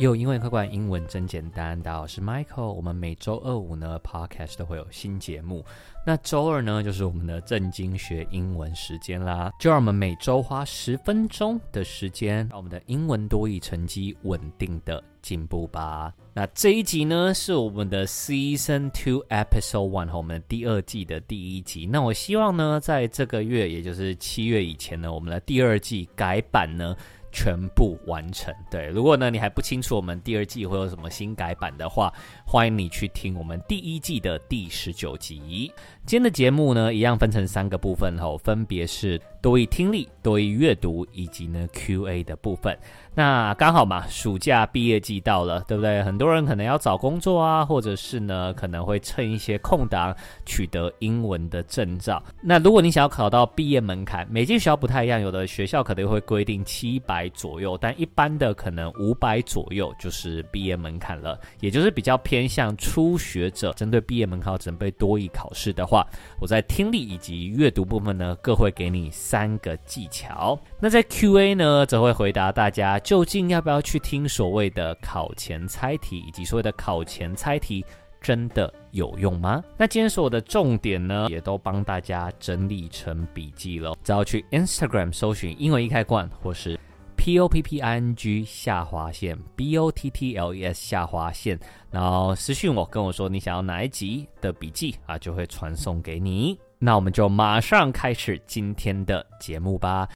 英文易開罐，英文真簡單，大家好，我是 Michael。我們每周二五呢，Podcast 都會有新節目。那周二呢，就是我們的正經學英文時間啦。就讓我們每周花十分鐘的時間，讓我們的英文多益成績穩定的進步吧。那這一集呢，是我們的 Season Two Episode One 和我們的第二季的第一集。那我希望呢，在這個月，也就是七月以前呢，我們的第二季改版呢。全部完成。對，如果呢，你還不清楚我們第二季會有什麼新改版的話，歡迎你去聽我們第一季的第十九集。今天的節目呢，一樣分成三個部分吼，分別是。多益聽力、多益閱讀以及呢 Q A 的部分，那剛好嘛，暑假畢業季到了，對不對？很多人可能要找工作啊，或者是呢可能會趁一些空檔取得英文的證照。那如果你想要考到畢業門檻，每間學校不太一樣，有的學校可能會規定七百左右，但一般的可能五百左右就是畢業門檻了，也就是比較偏向初學者。針對畢業門檻要準備多益考試的話，我在聽力以及閱讀部分呢，各會給你。三個技巧，那在 Q A 呢，則會回答大家究竟要不要去聽所謂的考前猜題，以及所謂的考前猜題真的有用嗎？那今天所有的重點呢，也都幫大家整理成筆記了，只要去 Instagram 搜尋“英文易開罐”或是 “p o p p i n g” 下劃線 “b o t t l e s” 下劃線，然後私訊我，跟我說你想要哪一集的筆記啊，就會傳送給你。那我們就馬上開始今天的節目吧。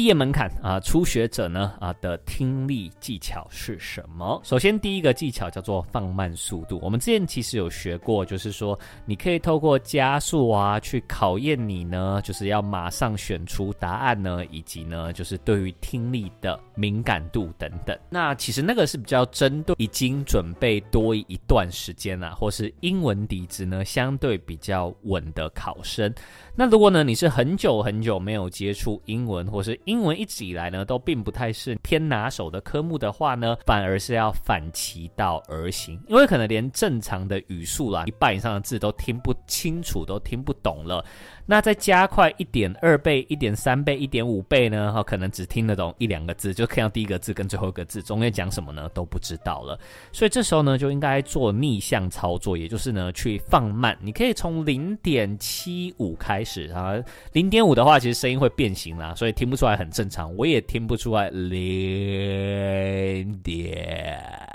畢業門檻啊，初學者呢啊的聽力技巧是什麼？首先，第一個技巧叫做放慢速度。我們之前其實有學過，就是說你可以透過加速啊去考驗你呢，就是要馬上選出答案呢，以及呢就是對於聽力的敏感度等等。那其實那個是比較針對已經準備多一段時間啊，或是英文底子呢相對比較穩的考生。那如果呢你是很久很久沒有接觸英文或是英文一直以來呢，都並不太是偏拿手的科目的話呢，反而是要反其道而行，因為可能連正常的語速啦，一半以上的字都聽不清楚，都聽不懂了。那再加快一點二倍、一點三倍、一點五倍呢，哈、哦，可能只聽得懂一兩個字，就看到第一個字跟最後一個字，中間講什麼呢都不知道了。所以這時候呢，就應該做逆向操作，也就是呢，去放慢。你可以從零點七五開始啊，零點五的話，其實聲音會變形啦，所以聽不出來。很正常，我也聽不出來零點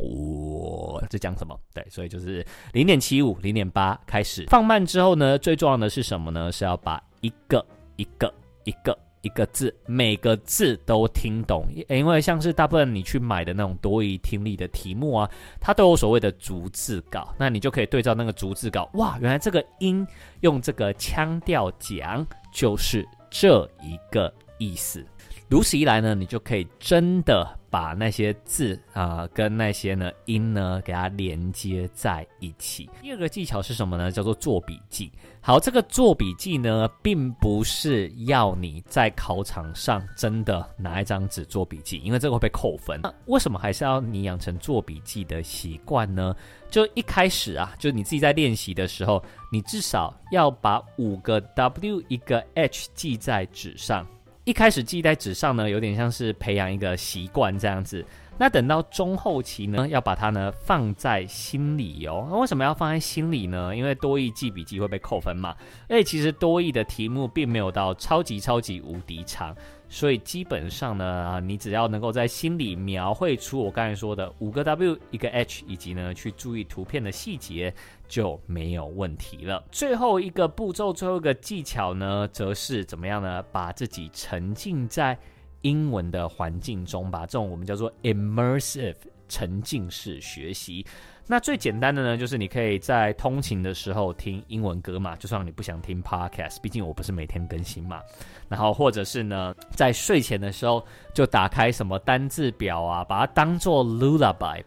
五在講什麼。對，所以就是零點七五、零點八開始放慢之後呢，最重要的是什麼呢？是要把一個一個一個一個字，每個字都聽懂、欸。因為像是大部分你去買的那種多益聽力的題目啊，它都有所謂的逐字稿，那你就可以對照那個逐字稿。哇，原來這個音用這個腔調講就是這一個。意思。如此一來呢，你就可以真的把那些字啊、呃、跟那些呢音呢給它連接在一起。第二個技巧是什麼呢？叫做做筆記。好，這個做筆記呢，並不是要你在考場上真的拿一張紙做筆記，因為這個會被扣分。那為什麼還是要你養成做筆記的習慣呢？就一開始啊，就你自己在練習的時候，你至少要把五個 W 一個 H 記在紙上。一開始記在紙上呢，有點像是培養一個習慣這樣子。那等到中後期呢，要把它呢放在心裡哦。那為什麼要放在心裡呢？因為多益記筆記會被扣分嘛。因為其實多益的題目並沒有到超級超級無敵長。所以基本上呢，啊，你只要能夠在心裡描繪出我剛才說的五個 W 一個 H，以及呢去注意圖片的細節，就沒有問題了。最後一個步驟，最後一個技巧呢，則是怎麼樣呢？把自己沉浸在英文的環境中吧，這種我們叫做 immersive 沉浸式學習。那最簡單的呢，就是你可以在通勤的時候聽英文歌嘛，就算你不想聽 Podcast，畢竟我不是每天更新嘛。然後或者是呢，在睡前的時候就打開什麼單字表啊，把它當做 lullaby，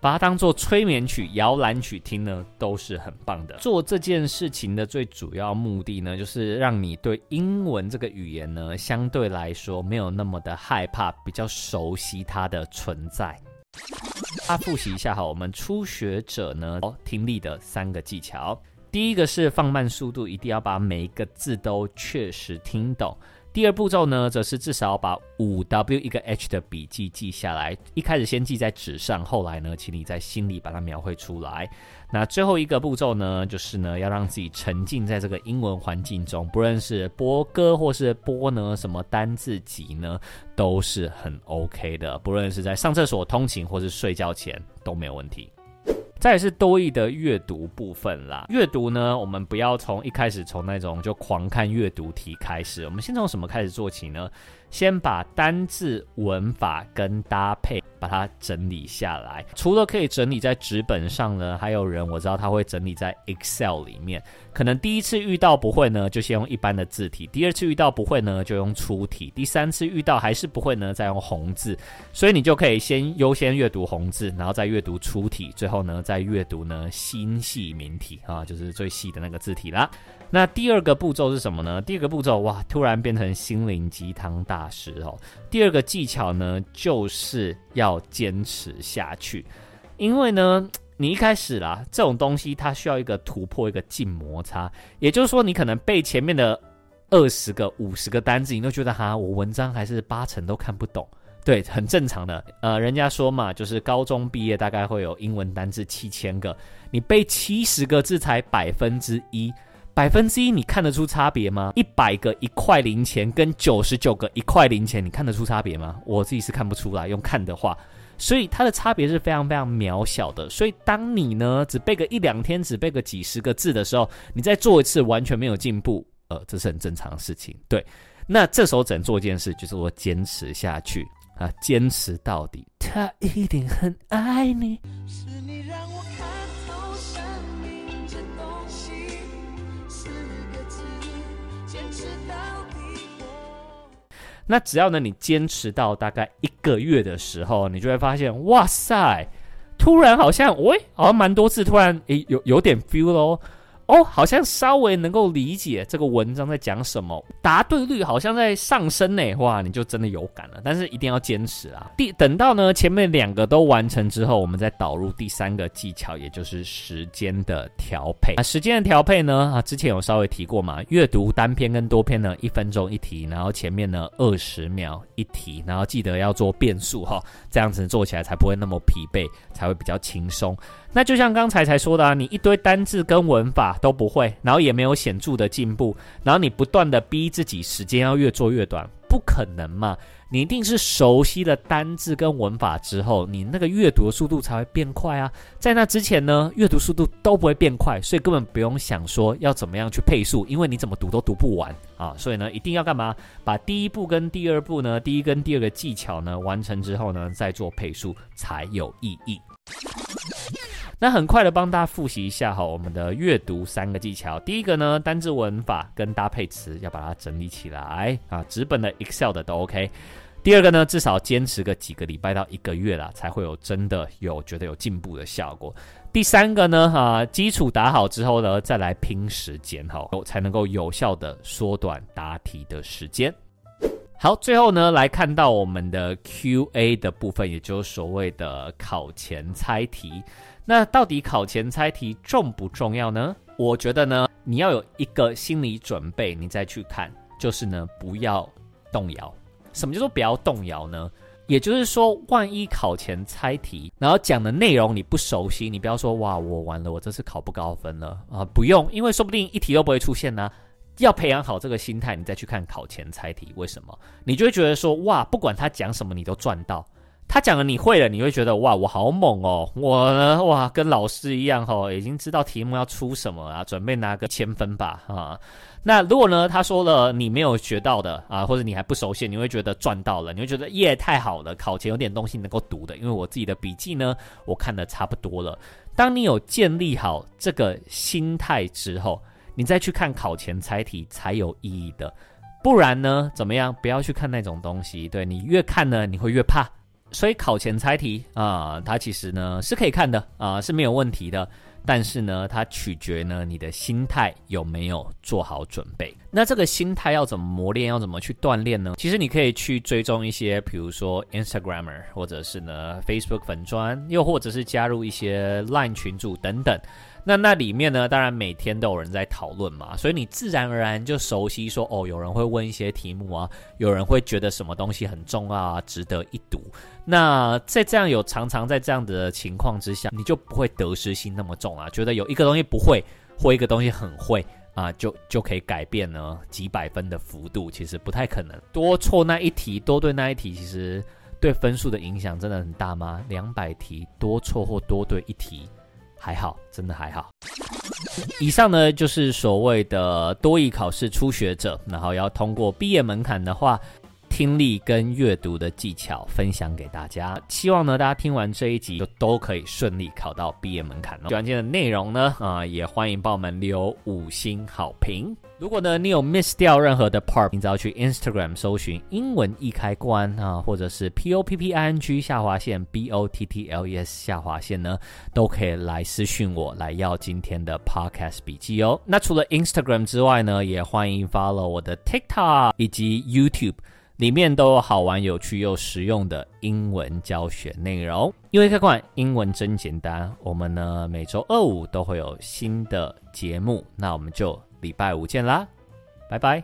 把它當做催眠曲、搖籃曲聽呢，都是很棒的。做這件事情的最主要目的呢，就是讓你對英文這個語言呢，相對來說沒有那麼的害怕，比較熟悉它的存在。大家復習一下哈，我們初學者呢，聽力的三個技巧，第一個是放慢速度，一定要把每一個字都確實聽懂。第二步驟呢，則是至少把五 W 一個 H 的筆記記下來。一開始先記在紙上，後來呢，請你在心裡把它描繪出來。那最後一個步驟呢，就是呢，要讓自己沉浸在這個英文環境中。不論是播歌或是播呢什麼單字集呢，都是很 OK 的。不論是在上廁所、通勤或是睡覺前，都沒有問題。再是多益的閱讀部分啦。閱讀呢，我們不要從一開始從那種就狂看閱讀題開始。我們先從什麼開始做起呢？先把單字、文法跟搭配把它整理下來。除了可以整理在紙本上呢，還有人我知道他會整理在 Excel 裡面。可能第一次遇到不會呢，就先用一般的字體；第二次遇到不會呢，就用粗體；第三次遇到還是不會呢，再用紅字。所以你就可以先優先閱讀紅字，然後再閱讀粗體，最後呢再。在閱讀呢，新細明體啊，就是最細的那個字體啦。那第二個步驟是什麼呢？第二個步驟哇，突然變成心靈雞湯大師哦。第二個技巧呢，就是要堅持下去，因為呢，你一開始啦，這種東西它需要一個突破，一個靜摩擦。也就是說，你可能背前面的二十個、五十個單字，你都覺得哈，我文章還是八成都看不懂。對，很正常的。呃，人家說嘛，就是高中畢業大概會有英文單字七千個，你背七十個字才百分之一，百分之一你看得出差別嗎？一百個一塊零錢跟九十九個一塊零錢，你看得出差別嗎？我自己是看不出來，用看的話，所以它的差別是非常非常渺小的。所以當你呢只背個一兩天，只背個幾十個字的時候，你再做一次完全沒有進步，呃，這是很正常的事情。對，那這時候只能做一件事，就是我堅持下去。啊，堅持到底，他一定很愛你。是你讓我看透生命這東西，四個字堅持到底。那只要呢，你堅持到大概一個月的時候，你就會發現，哇塞，突然好像，喂，好像蠻多次，突然誒、欸，有有點 feel 咯哦，好像稍微能夠理解這個文章在講什麼，答對率好像在上升呢。哇，你就真的有感了，但是一定要堅持啊。第等到呢前面兩個都完成之後，我們再導入第三個技巧，也就是時間的調配。啊，時間的調配呢，啊之前有稍微提過嘛，閱讀單篇跟多篇呢，一分鐘一題，然後前面呢二十秒一題，然後記得要做變速哈，哦，這樣子做起來才不會那麼疲憊。才會比較輕鬆。那就像剛才才說的啊，你一堆單字跟文法都不會，然後也沒有顯著的進步，然後你不斷的逼自己，時間要越做越短。不可能嘛，你一定是熟悉了單字跟文法之後，你那個閱讀的速度才會變快啊。在那之前呢，閱讀速度都不會變快，所以根本不用想說要怎麼樣去配速，因為你怎麼讀都讀不完啊。所以呢，一定要幹嘛？把第一步跟第二步呢，第一跟第二個技巧呢，完成之後呢，再做配速才有意義。那很快的幫大家複習一下哈，我們的閱讀三個技巧，第一個呢，單字文法跟搭配詞要把它整理起來啊，紙本的、Excel 的都 OK。第二個呢，至少堅持個幾個禮拜到一個月啦，才會有真的有覺得有進步的效果。第三個呢，哈，基礎打好之後呢，再來拼時間哈，才能夠有效的縮短答題的時間。好，最後呢，來看到我們的 QA 的部分，也就是所謂的考前猜題。那到底考前猜題重不重要呢？我覺得呢，你要有一個心理準備，你再去看，就是呢，不要動搖。什麼叫做不要動搖呢？也就是說，萬一考前猜題，然後講的內容你不熟悉，你不要說哇，我完了，我這次考不高分了啊！不用，因為說不定一題都不會出現呢，啊。要培養好這個心態，你再去看考前猜題，為什麼？你就會覺得說哇，不管他講什麼，你都賺到。他講了，你會了，你會覺得哇，我好猛哦、喔，我呢，哇跟老師一樣齁，已經知道題目要出什麼了，準備拿個千分吧啊。那如果呢，他說了你沒有學到的啊，或者你還不熟悉，你會覺得賺到了，你會覺得耶太好了，考前有點東西能夠讀的，因為我自己的筆記呢，我看的差不多了。當你有建立好這個心態之後，你再去看考前猜題才有意義的，不然呢，怎麼樣？不要去看那種東西，對，你越看呢，你會越怕。所以考前猜題啊，它其實呢是可以看的啊，是沒有問題的。但是呢，它取決呢你的心態有沒有做好準備。那這個心態要怎麼磨練，要怎麼去鍛鍊呢？其實你可以去追蹤一些，比如說 Instagramer，或者是呢 Facebook 粉專，又或者是加入一些 LINE 群組等等。那那裡面呢，當然每天都有人在討論嘛，所以你自然而然就熟悉說，哦，有人會問一些題目啊，有人會覺得什麼東西很重要啊，值得一讀。那在這樣有常常在這樣的情況之下，你就不會得失心那麼重啊，覺得有一個東西不會或一個東西很會啊，就就可以改變呢幾百分的幅度，其實不太可能。多錯那一題，多對那一題，其實對分數的影響真的很大嗎？兩百題多錯或多對一題。還好，真的還好。以上呢，就是所謂的多益考試初學者，然後要通過畢業門檻的話。聽力跟閱讀的技巧分享給大家，希望呢大家聽完這一集就都可以順利考到畢業門檻哦。喜歡今天的內容呢，啊、呃，也歡迎幫我們留五星好評。如果呢你有 miss 掉任何的 part，你只要去 Instagram 搜尋英文易開罐啊、呃，或者是 p o p p i n g 下滑線 b o t t l e s 下滑線呢，都可以來私訊我來要今天的 podcast 筆記哦。那除了 Instagram 之外呢，也歡迎 Follow 我的 TikTok、ok、以及 YouTube。裡面都有好玩、有趣又實用的英文教學內容。因為看款英文真簡單，我們呢每周二五都會有新的節目，那我們就禮拜五見啦，拜拜。